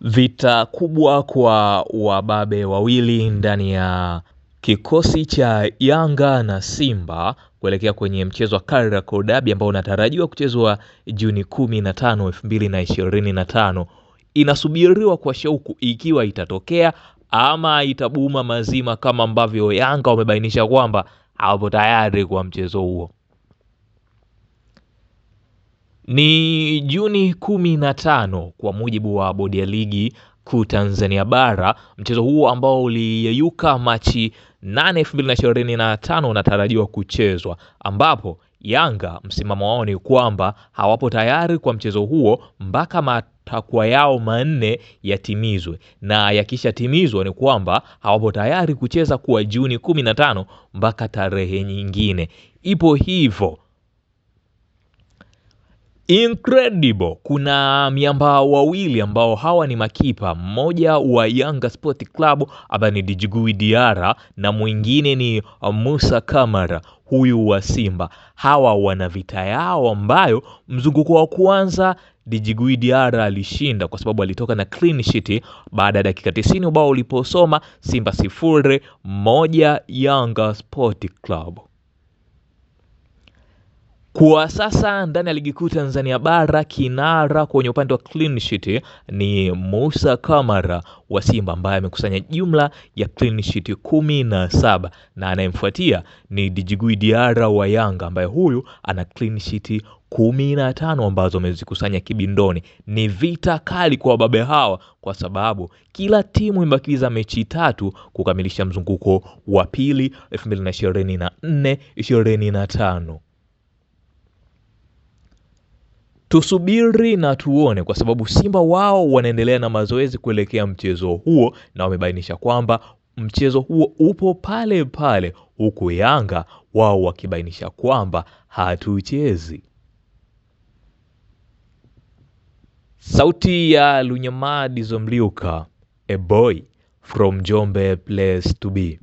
Vita kubwa kwa wababe wawili ndani ya kikosi cha Yanga na Simba kuelekea kwenye mchezo wa Kariakoo Derby ambao unatarajiwa kuchezwa Juni 15, 2025. Inasubiriwa kwa shauku ikiwa itatokea ama itabuma mazima kama ambavyo Yanga wamebainisha kwamba hawapo tayari kwa mchezo huo. Ni Juni 15 kwa mujibu wa bodi ya ligi kuu Tanzania bara. Mchezo huo ambao uliyeyuka Machi 8 2025 unatarajiwa kuchezwa, ambapo Yanga msimamo wao ni kwamba hawapo tayari kwa mchezo huo mpaka matakwa yao manne yatimizwe, na yakishatimizwa ni kwamba hawapo tayari kucheza kuwa Juni 15 mpaka tarehe nyingine. Ipo hivyo Incredible, kuna miamba wawili ambao hawa ni makipa, mmoja wa Yanga Sport Club ambaye ni Djigui diara na mwingine ni Musa Kamara huyu wa Simba. Hawa wana vita yao ambayo mzunguko wa kwanza Djigui Diara alishinda kwa sababu alitoka na clean sheet baada ya dakika 90 ubao uliposoma Simba sifuri moja Yanga Sport Club. Kwa sasa ndani ya ligi kuu Tanzania bara kinara kwenye upande wa clean sheet ni Musa Kamara wa Simba ambaye amekusanya jumla ya clean sheet kumi na saba na anayemfuatia ni Djigui Diara wa Yanga ambaye huyu ana clean sheet kumi na tano ambazo amezikusanya kibindoni. Ni vita kali kwa wababe hawa, kwa sababu kila timu imebakiza mechi tatu kukamilisha mzunguko wa pili 2024 25. Tusubiri na tuone, kwa sababu Simba wao wanaendelea na mazoezi kuelekea mchezo huo, na wamebainisha kwamba mchezo huo upo pale pale, huku Yanga wao wakibainisha kwamba hatuchezi. Sauti ya Lunyamadi Zomliuka, a boy from Jombe place to be.